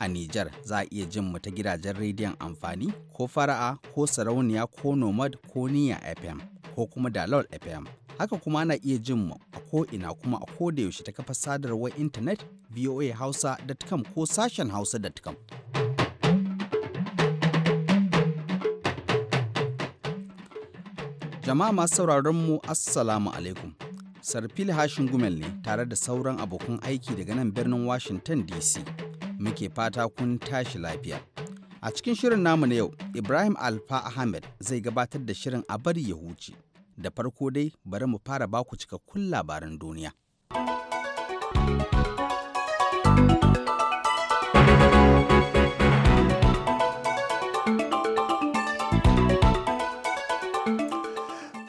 a Nijar za a iya jin mu ta gidajen rediyon amfani ko fara'a ko sarauniya ko nomad ko niya FM ko kuma dalol FM. Haka kuma ana iya jin mu a ko ina kuma a ko da yaushe ta kafa sadarwar intanet voahausa.com ko sashen hausa.com. Jama'a masu sauraron mu Assalamu alaikum. Sarfil Hashin Gumel ne tare da sauran abokan aiki daga nan birnin Washington DC. muke fata kun tashi lafiya. A cikin shirin namu na yau, Ibrahim Alfa Ahmed zai gabatar da shirin a bari ya huce. Da farko dai bari mu fara baku cikakkun labaran duniya.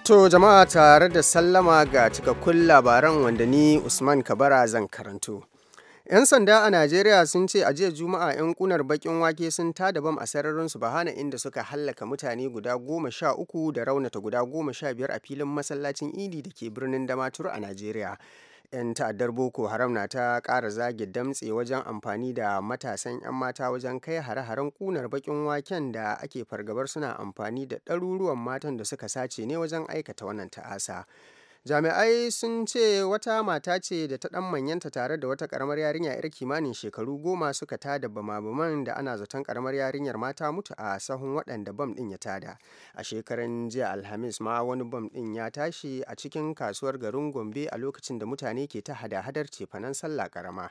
To jama'a tare da sallama ga cikakkun labaran wanda ni Usman Kabara zan karanto. 'Yan sanda a Najeriya sun ce a jiya Juma'a 'yan kunar bakin wake sun da bam a sararin su bahana inda suka hallaka mutane guda goma sha uku da raunata guda goma sha biyar a filin masallacin Idi da ke birnin Damaturu a Najeriya. 'yan ta'addar boko haram na ta kara zage damtse wajen amfani da matasan 'yan mata wajen kai hare-haren kunar bakin waken da ake fargabar suna amfani da ɗaruruwan matan da suka sace ne wajen aikata wannan ta'asa Jami'ai sun ce wata mata ce da ta ɗan manyanta tare da wata karamar yarinya 'yar kimanin shekaru goma suka tada bama-baman da ana zaton karamar yarinyar mata mutu a sahun waɗanda bam ɗin ya tada. A shekaran jiya Alhamis ma wani bam ɗin ya tashi a cikin kasuwar garin Gombe a lokacin da mutane ke ta hada-hadar cefanen sallah karama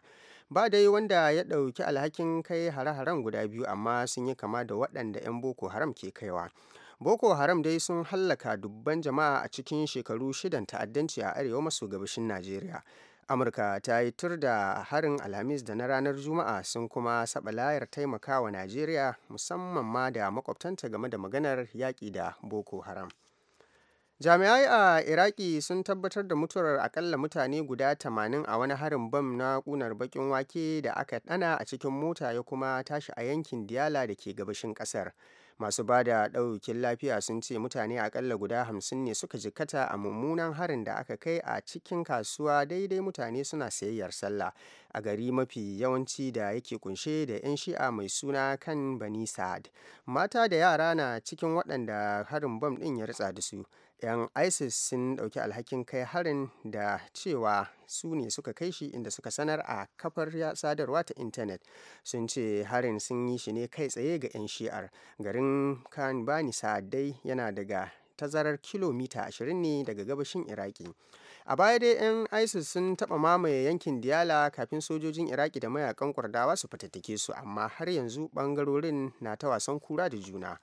ba dai wanda ya ɗauki alhakin kai hare-haren guda biyu amma sun yi kama da waɗanda 'yan boko haram ke kaiwa boko haram dai sun hallaka dubban jama'a a cikin shekaru shidan ta'addanci a arewa maso gabashin najeriya amurka ta yi tur da harin alhamis da na ranar juma'a sun kuma saba layar taimakawa najeriya musamman ma da makwabtanta game da maganar yaƙi da boko haram jami'ai a iraki sun tabbatar da mutuwar akalla mutane guda 80 a wani harin bam na kunar bakin wake da aka dana a cikin mota ya kuma tashi a yankin diyala da ke gabashin kasar masu ba da ɗaukin lafiya sun ce mutane akalla guda hamsin ne suka jikkata a mummunan harin da aka kai a cikin kasuwa daidai mutane suna sayayyar sallah a gari mafi yawanci da yake kunshe da 'yan shi'a mai suna kan bani sa'ad mata da yara na cikin waɗanda harin bam ɗin ya ritsa da su 'yan isis sun ɗauki alhakin kai harin da cewa su ne suka kai shi inda suka sanar a kafar sadarwa ta intanet sun ce harin sun yi shi ne kai tsaye ga 'yan shi'ar garin kan bani sa'adai yana daga tazarar kilomita 20 ne daga gabashin iraki a baya dai 'yan isis sun taɓa mamaye yankin diyala kafin sojojin iraki da mayakan kwardawa su fatattake su amma har yanzu ɓangarorin na ta wasan kura da juna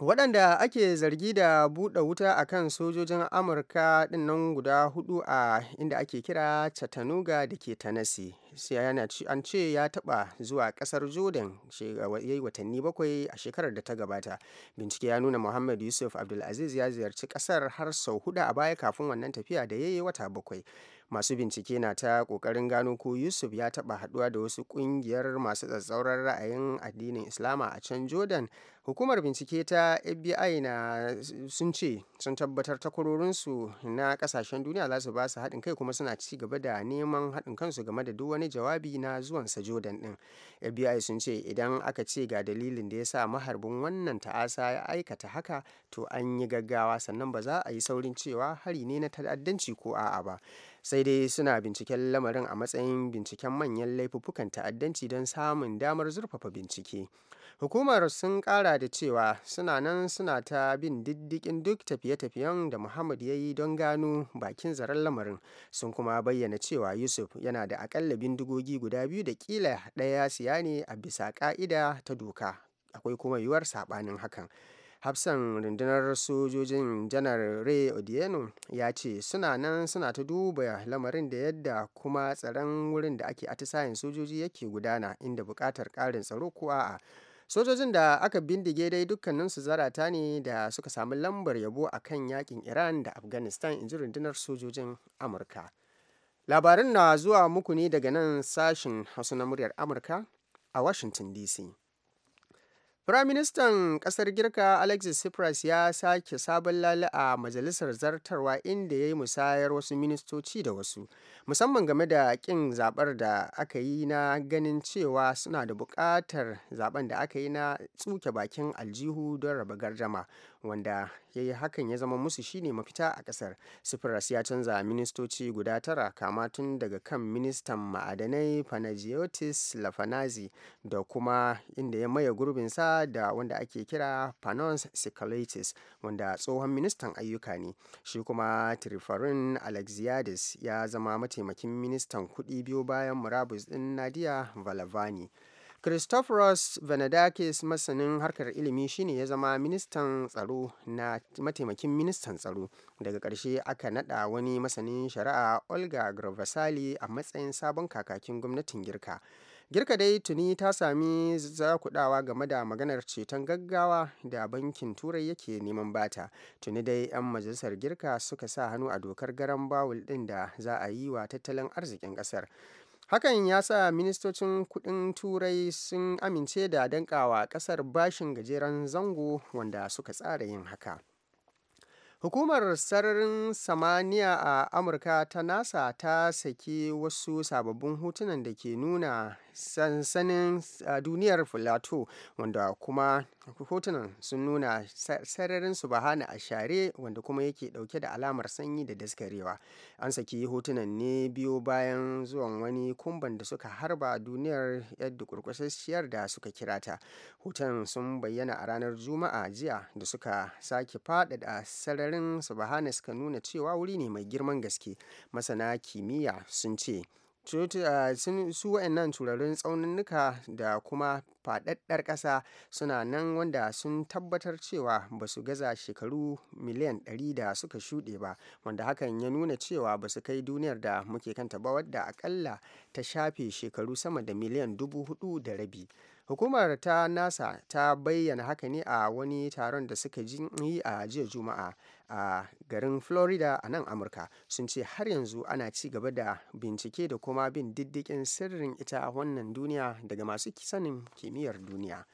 waɗanda ake zargi da buɗe wuta a kan sojojin amurka nan guda hudu a inda ake kira chattanooga da ke tennessee sai an ce ya taɓa zuwa ƙasar jordan ya yi watanni bakwai a shekarar da ta gabata bincike ya nuna muhammad yusuf abdulaziz ya ziyarci ƙasar har sau hudu a baya kafin wannan tafiya da ya yi wata bakwai masu bincike na ta kokarin gano ko yusuf ya taba haduwa da wasu kungiyar masu tsatsauran ra'ayin addinin islama a can jordan hukumar bincike ta fbi na sun ce sun tabbatar takwarorinsu na kasashen duniya za su ba su haɗin kai kuma suna ci gaba da neman haɗin kansu game da duk wani jawabi na zuwansa jordan din fbi sun ce idan aka ce ga dalilin da ya sa maharbin wannan ta'asa ya aikata haka to an yi gaggawa sannan ba za a yi saurin cewa hari ne na ta'addanci ko a'a ba sai dai suna binciken lamarin a matsayin binciken manyan laifuffukan ta'addanci don samun damar zurfafa bincike hukumar sun kara da cewa suna nan suna ta bin diddikin duk tafiye-tafiyen da muhammad ya yi don gano bakin zaren lamarin sun kuma bayyana cewa yusuf yana da akalla bindigogi guda biyu da kila ɗaya siya ne a bisa ka'ida ta doka akwai kuma yiwuwar saɓanin hakan hafsan rundunar sojojin janar ray odieno ya ce suna nan suna ta duba lamarin da yadda kuma tsaron wurin da ake atisayen sojoji yake gudana inda buƙatar ƙarin tsaro ko a'a sojojin da aka bindige dai dukkaninsu zarata ne da suka samu lambar yabo a kan yakin iran da afghanistan in ji rundunar sojojin amurka labarin na zuwa muku ne daga nan sashen hausa na muryar amurka a washington dc Firaministan ƙasar Girka Alexis Tsipras ya sake sabon lale a majalisar zartarwa inda ya yi musayar wasu ministoci da wasu, musamman game da ƙin zaɓar da aka yi na ganin cewa suna da buƙatar zaɓen da aka yi na tsuke bakin aljihu don raba gardama. wanda ya yi hakan ya zama musu shine mafita a kasar sifras ya canza ministoci guda tara kama tun daga kan ministan ma'adanai panagiotis lafanazi da kuma inda ya maye gurbinsa da wanda ake kira panons sikalitis wanda tsohon ministan ayyuka ne shi kuma trifarin alexiades ya zama mataimakin ministan kudi biyu bayan murabus din nadia valavani Christophorus Venedakis masanin harkar ilimi shine ya zama ministan tsaro na mataimakin ministan tsaro daga ƙarshe aka nada wani masanin shari'a Olga Gravasali a matsayin sabon kakakin gwamnatin Girka. Girka dai tuni ta sami zakudawa game da maganar ceton gaggawa da bankin turai yake neman bata. Tuni dai 'yan majalisar Girka suka sa hannu a dokar garan bawul ɗin da za a yi wa tattalin arzikin ƙasar. Hakan ya sa ministocin kudin Turai sun amince da danƙawa kasar bashin gajeren zango wanda suka tsara yin haka. Hukumar sararin samaniya a Amurka ta NASA ta saki wasu sababbin hotunan da ke nuna sansanin duniyar Filato wanda kuma hotunan sun nuna sararin hana a share wanda kuma yake dauke da alamar sanyi da daskarewa. An saki hotunan ne biyo bayan zuwan wani kumban da suka harba duniyar yadda kurkusasshiyar da suka kirata. Hoton sun bayyana a ranar Juma'a jiya da suka sake faɗaɗa sararin subahana suka nuna cewa wuri ne mai girman gaske. Masana kimiyya sun ce Eh, su wa'annan turarin tsauninnika da kuma fadaddar ƙasa suna nan wanda sun tabbatar cewa ba su gaza shekaru miliyan 100 da suka shuɗe ba wanda hakan ya nuna cewa ba su kai duniyar da muke kanta ba wadda akalla ta shafe shekaru sama da miliyan dubu hudu da rabi Hukumar ta NASA ta bayyana haka ne a wani taron da suka yi a jiya Juma'a a garin Florida a nan Amurka, sun ce har yanzu ana ci gaba da bincike da kuma bin diddigin sirrin ita wannan duniya daga masu sanin kimiyyar duniya.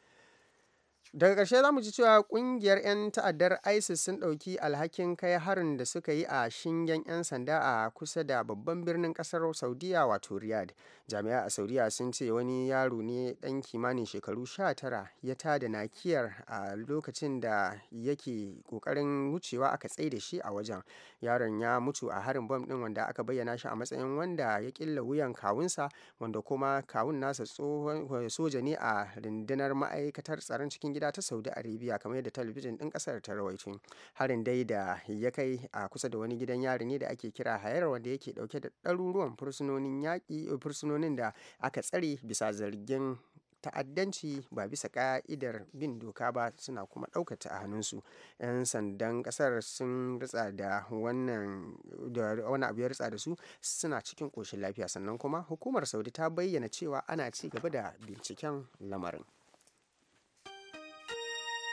daga ƙarshe za mu ji cewa ƙungiyar 'yan ta'addar isis sun ɗauki alhakin kai harin da suka yi a shingen 'yan sanda a kusa da babban birnin ƙasar saudiya wato riyadh jami'a a saudiya sun ce wani yaro ne ɗan kimanin shekaru 19 ya tada nakiyar a lokacin da yake ƙoƙarin wucewa aka tsaye da shi a wajen yaron ya mutu a harin bom ɗin wanda aka bayyana shi a matsayin wanda ya ƙilla wuyan kawunsa wanda kuma kawun nasa soja ne a rundunar ma'aikatar tsaron cikin gida gida ta saudi arabia kamar yadda talabijin din kasar ta rawaito harin dai da ya kai a kusa da wani gidan yari ne da ake kira hayar wanda yake dauke da ɗaruruwan fursunonin yaƙi eh, fursunonin da aka tsare bisa zargin ta'addanci ba bisa ka'idar bin doka ba suna kuma ɗaukata a hannunsu 'yan sandan ƙasar sun ritsa da wannan abu ya ritsa da su suna cikin ƙoshin lafiya sannan kuma hukumar saudi ta bayyana cewa ana ci gaba da binciken lamarin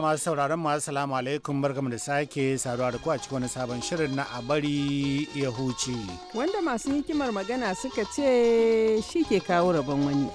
masu sauraron masu salamu alaikum barkamu da sake saduwa da ku a cikin wani sabon shirin na a bari ya huce. Wanda masu hikimar magana suka ce shi ke kawo rabon wani.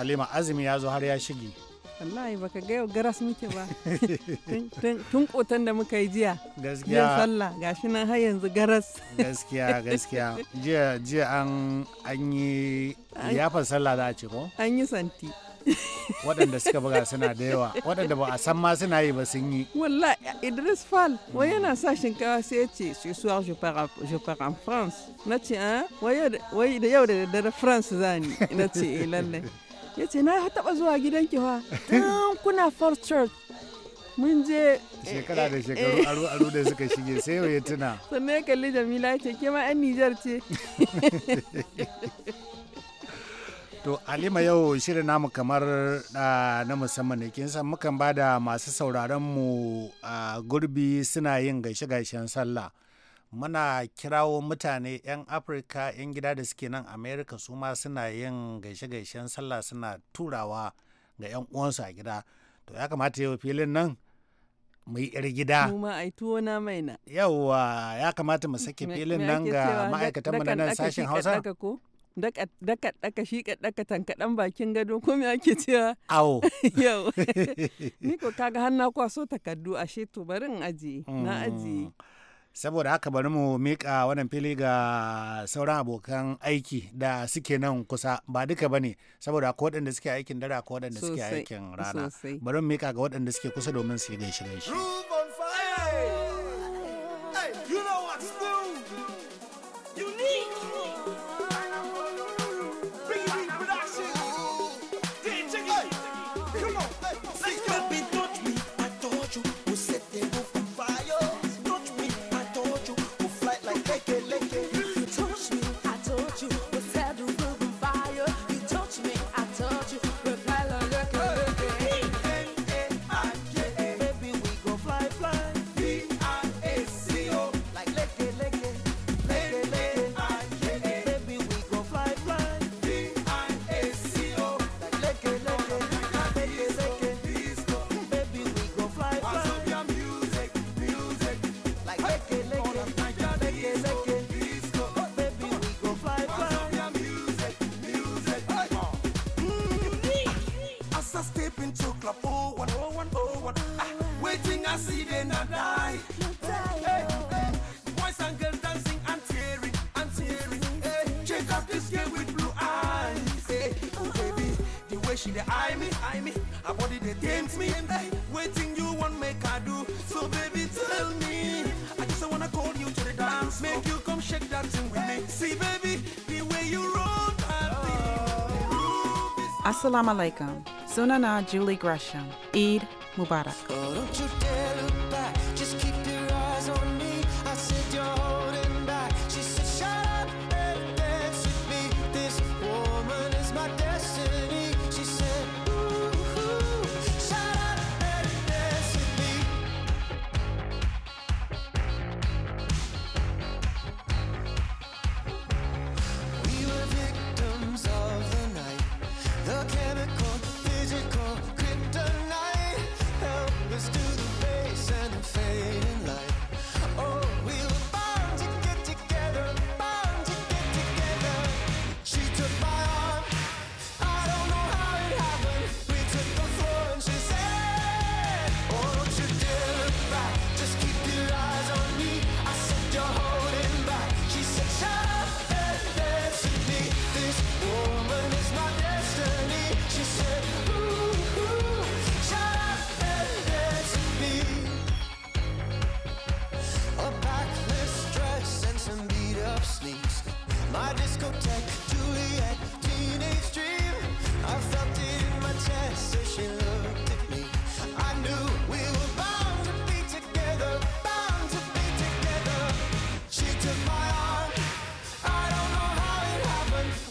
halima azumi ya zo har ya shige wallahi baka ga yau garas muke ba tun kotan da muka yi jiya gaskiya sallah gashi nan har yanzu garas gaskiya gaskiya jiya jiya an an yi liyafar sallah za a ce ko an yi santi waɗanda suka buga suna da yawa waɗanda ba a san ma suna yi ba sun yi wallahi Idris Fall wai hmm. yana sa shinkawa sai ya ce ce soir je pars je en France na ce ah wai da yau da daddare France zani na ce eh lallai ya ce na taɓa zuwa gidan kiwa tun kuna first church mun je eh, shekara da eh, shekaru eh. aro da suka shige sai yau ya tuna sannan ya kalli jamila ce ke ma 'yan nijar ce To alima yau shirin namu kamar ah, na musamman ne kin san mukan bada masu sauraron mu ah, gurbi suna yin gaishe-gaishen sallah. muna kirawo mutane 'yan afirka 'yan gida da suke nan amerika su ma suna yin gaishe-gaishen sallah suna turawa ga 'yan uwansu a gida to ya kamata yau filin nan mu yi yar gida yauwa ya kamata mu sake filin nan ga ma'aikatan mu na nan sashen hausa daka daka shi ka daka tankaɗan bakin gado ko me ake cewa awo yau ni ko kaga har na kwaso takardu ashe to bari in ajiye na mm. ajiye saboda haka bari mu mika wannan fili ga sauran abokan aiki da suke nan kusa ba duka ba ne saboda ko waɗanda suke aikin dare ko waɗanda suke aikin rana bari mu mika ga waɗanda suke kusa domin su yi gaishe gaishe Assalamu alaikum. Sunana Julie Gresham. Eid Mubarak.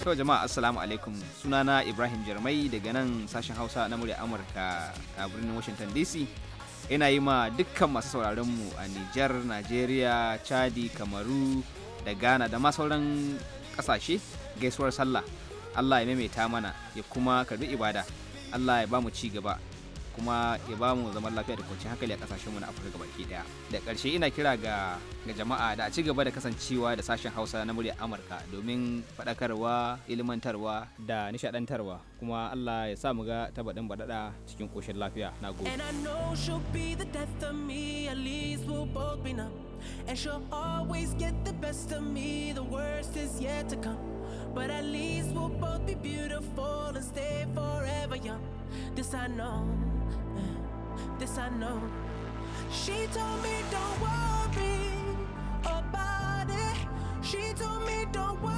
To jama'a assalamu alaikum sunana Ibrahim Jarmai daga nan sashen Hausa na murya Amurka a birnin Washington DC. Ina yi ma dukkan masu sauraronmu a Nijar, Najeriya, Chadi, Kamaru da Ghana da ma sauran kasashe gaisuwar sallah. Allah ya maimaita mana ya kuma karbi ibada. Allah ya ba mu ci gaba. kuma ya ba mu zaman lafiya da kwanciyar hankali a kasashen mu na Afirka baki daya. Da karshe ina kira ga ga jama'a da a ci gaba da kasancewa da sashen Hausa na muryar Amurka domin faɗakarwa, ilmantarwa da nishadantarwa. Kuma Allah ya sa mu ga tabadin badada cikin koshin lafiya. na And And she'll always get the best of me, the worst is yet to come. But at least we'll both be beautiful and stay forever young. This I know. this I know. She told me don't worry about it. She told me don't worry.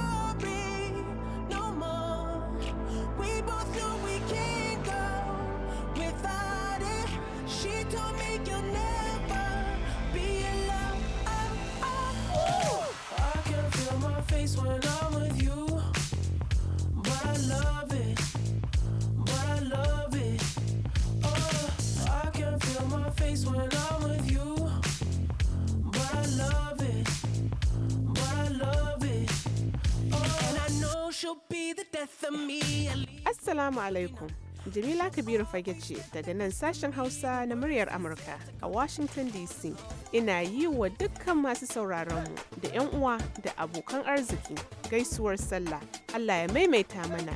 Assalamu alaikum. Jamila Kabiru Fage ce daga nan sashen Hausa na muryar Amurka a Washington DC. Ina yi wa dukkan masu sauraronmu da 'yan uwa da abokan arziki gaisuwar sallah. Allah ya maimaita mana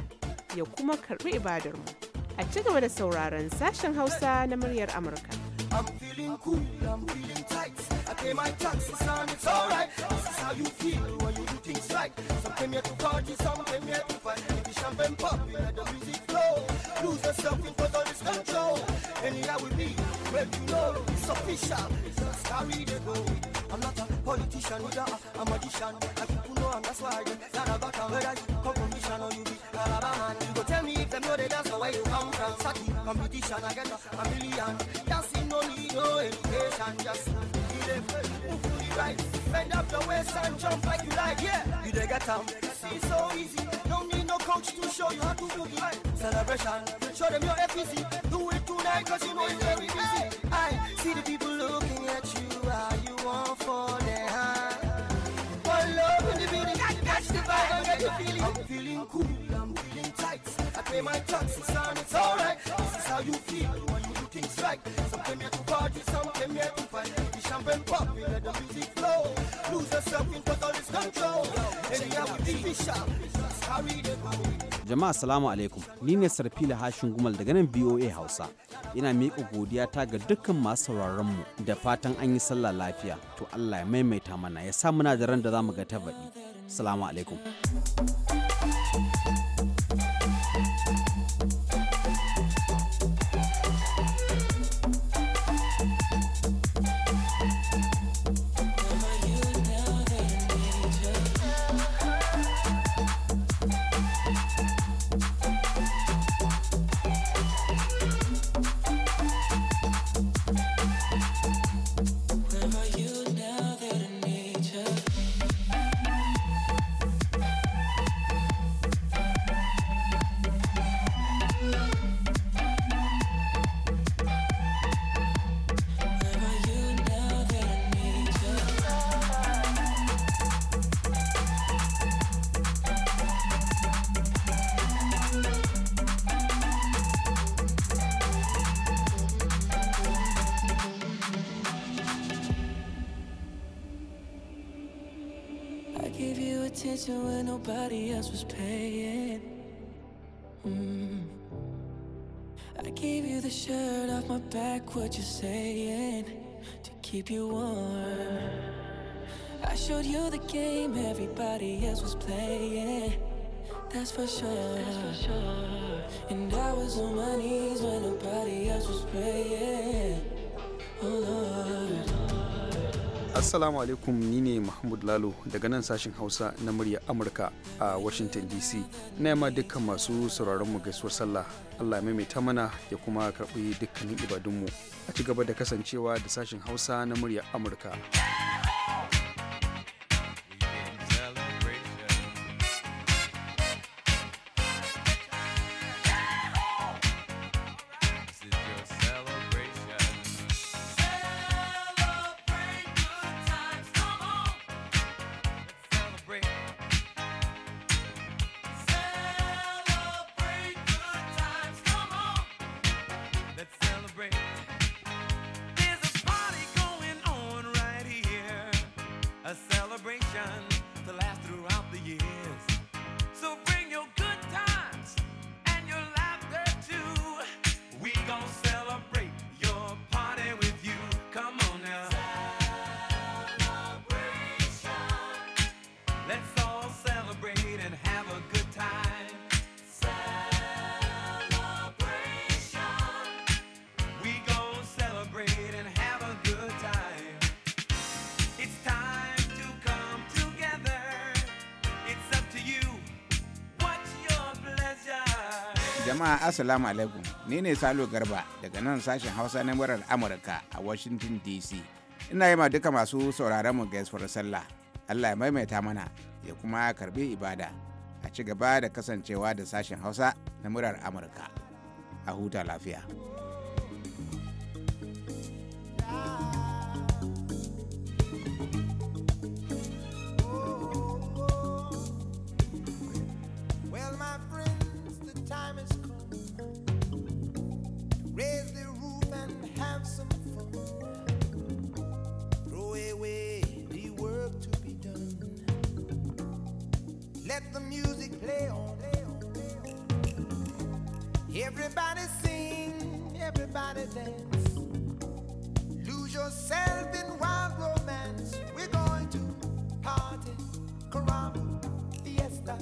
ya kuma karbi ibadarmu. A ci gaba da sauraron sashen Hausa na muryar Amurka. I'm feeling cool, I'm feeling tight. I pay my taxes and it's alright. This is how you feel when strike. Sometimes here to party, sometimes you're too fun. the champagne pop, you let the music flow. Lose yourself in total control. Anyhow we be, well you know, it's official. It's carry the go. I'm not a politician, neither a magician. I people know i that's why I get that about and whether you come from mission or you be Alabama. You go tell me if them know they dance or where you come from. Saki, competition, I get a million. Dancing no need no education, just give them, move to the right. Bend up your waist and jump like you like, yeah. You dig a them. It's so easy. No need no coach to show you how to boogie. Celebration, show them your FEC. Do it tonight cause you know it's very easy. I see the people looking at you. Are you on for their hand? One love in the building. Catch the vibe and get the feeling. I'm feeling cool. I'm feeling tight. I pay my taxes and it's alright. This is how you feel when you do things right. Jama'a salamu alaikum, ni ne Sarfila Hashin Gumal daga nan BOA Hausa. Ina miƙa godiya ta ga dukkan masu sauraron mu da fatan an yi sallah lafiya. To Allah ya maimaita mana ya sa muna da ran da za mu ga ta baɗi. Salamu alaikum. Mm. I gave you the shirt off my back, what you saying? To keep you warm. I showed you the game everybody else was playing. That's for sure. That's for sure. And I was on my knees when nobody else was praying. Oh Lord. Assalamu alaikum ni ne Mahmud Lalo daga nan sashin Hausa na murya Amurka a Washington DC. Na yamma dukkan masu sauraron mu gaisuwar sallah. Allah maimaita mana ya kuma karɓi dukkanin ibadunmu. A ci gaba da kasancewa da sashin Hausa na murya Amurka. jama'a assalamu alaikum ni ne salo garba daga nan sashen hausa na murar amurka a washington dc ina yi ma duka masu sauraron mu yasfar sallah allah ya maimaita mana ya kuma karbi ibada a ci gaba da kasancewa da sashen hausa na murar amurka a huta lafiya the music play on. Everybody sing, everybody dance. Lose yourself in wild romance. We're going to party, caramba, fiesta.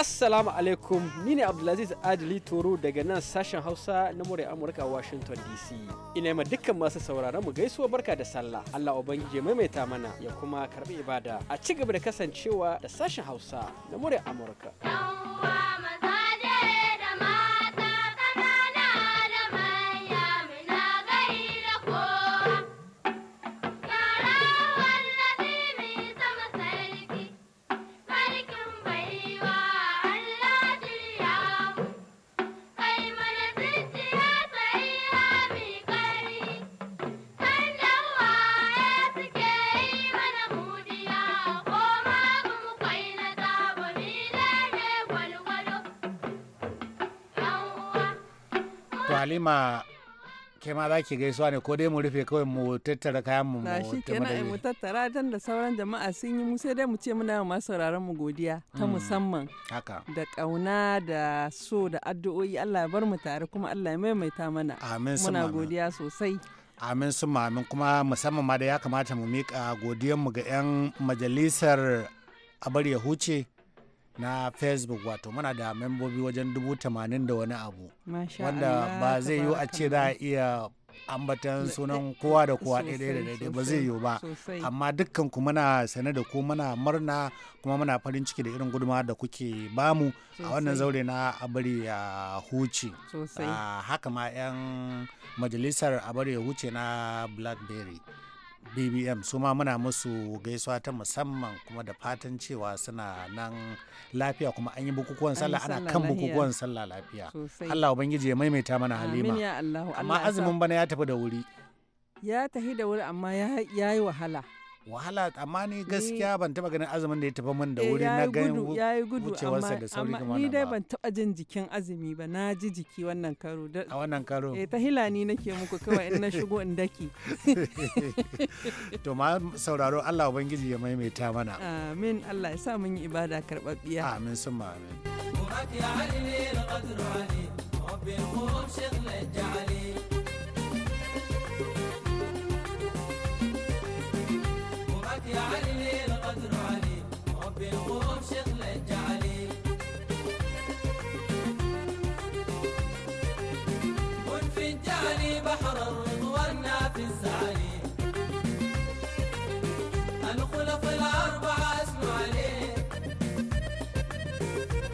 Assalamu alaikum, ni ne Abdulaziz Adili Toro daga nan sashen Hausa na Murai Amurka Washington DC. Ina ma dukkan masu sauraron mu gaisuwa barka da sallah. Allah Ubangiji maimaita mana ya kuma karbi ibada. A ci gaba da kasancewa da sashen Hausa na Murai Amurka. to halima ke ma za ki gaisuwa ne ko dai mu rufe kawai mu tattara kayan mu na shi kenan mu tattara dan da sauran jama'a sun yi mu sai dai mu ce muna ma sauraron mu godiya ta mm. musamman haka da kauna da so da addu'o'i Allah ya bar mu tare kuma Allah ya maimaita mana amin muna godiya sosai amin su amin kuma musamman ma da ya kamata mu miƙa mu ga 'yan majalisar abar ya huce na facebook wato muna da membobi wajen dubu tamanin da wani abu wanda ba zai yiwu a ce za a iya ambatan sunan kowa da kowa daidai da ɗaya ba zai yiwu ba amma dukkan ku muna sane da ku muna murna kuma muna farin ciki da irin guduma da kuke bamu a wannan zaure na abari ya huce ah, haka ma 'yan majalisar abari ya huce na blackberry bbm su ma muna musu gaisuwa ta musamman kuma da fatan cewa suna nan lafiya kuma an yi bukukuwan sallah ana kan bukukuwan sallah lafiya allah ubangiji ya maimaita mana halima amma azumin bana ya tafi da wuri ya tafi da wuri amma ya yi wahala wahala amma ni eh. gaskiya ban taba ganin azumin da ya tafi min da eh, wuri na ganin wucewarsa da sauri kamar ni dai ban taba jin jikin azumi ba na ji jiki wannan karo a wannan karo eh ta hilani nake muku kawai in na shigo in daki to ma sauraro Allah ubangiji ya maimaita mana amin Allah ya sa mun yi ibada karbabbiya amin summa amin وقت يا علي القدر علي ربي الخروج شغل بالغرور شغلة جعلي كن في الجعلي بحر الأربعة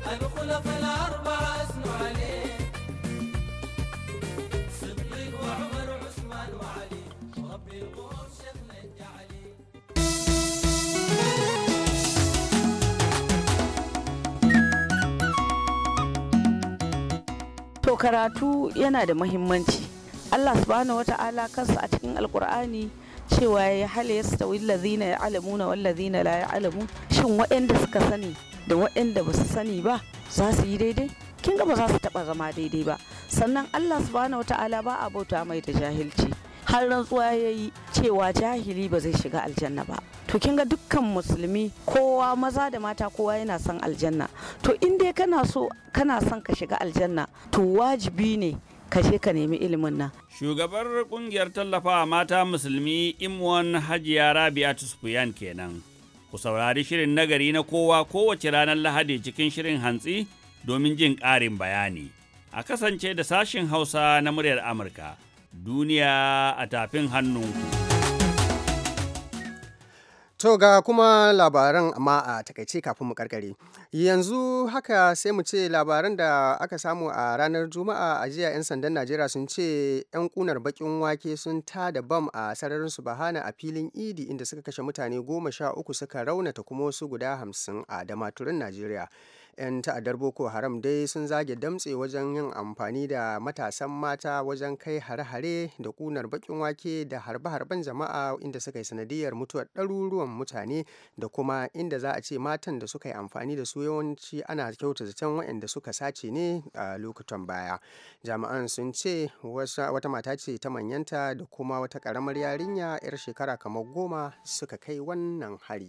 الخلف الأربعة karatu yana da muhimmanci allah subhanahu wata'ala kansa a cikin alkur'ani cewa ya ya hal yastawi allazina ya'lamuna wal ladzina la alamu shin waɗanda suka sani da waɗanda ba su sani ba za su yi daidai kin ga ba za su taba zama daidai ba sannan Allah subhanahu wata'ala ba a bauta mai da jahilci har rantsuwa ya yi cewa jahili ba zai shiga aljanna ba to kin ga dukkan musulmi kowa maza da mata kowa yana son aljanna to in kana so kana son ka shiga aljanna to wajibi ne ka je ka nemi ilimin nan. Shugabar kungiyar tallafawa mata musulmi Imwan Hajiya Rabia Tusfiyan kenan. Ku saurari shirin nagari na kowa kowace ranar Lahadi cikin shirin hantsi domin jin ƙarin bayani. A kasance da sashin Hausa na muryar Amurka. Duniya a tafin hannunku. To ga kuma labaran amma a takaice kafin mu karkare. Yanzu haka sai mu ce labaran da aka samu a ranar Juma'a a jiya 'yan sandan Najeriya sun ce 'yan kunar bakin wake sun ta da bam a sararin su bahana a filin Idi inda suka kashe mutane goma sha uku suka raunata kuma wasu guda hamsin a Damaturin Najeriya. 'yan ta'addar boko haram dai sun zage damtse wajen yin amfani da matasan mata wajen kai hare-hare da kunar bakin wake da harbe-harben jama'a inda suka yi sanadiyar mutuwar ɗaruruwan mutane da kuma inda za a ce matan da suka yi amfani da su yawanci ana kyauta zaton waɗanda suka sace ne a lokutan baya jami'an sun ce wata mata ce ta manyanta da kuma wata ƙaramar yarinya 'yar shekara kamar goma suka kai wannan hari.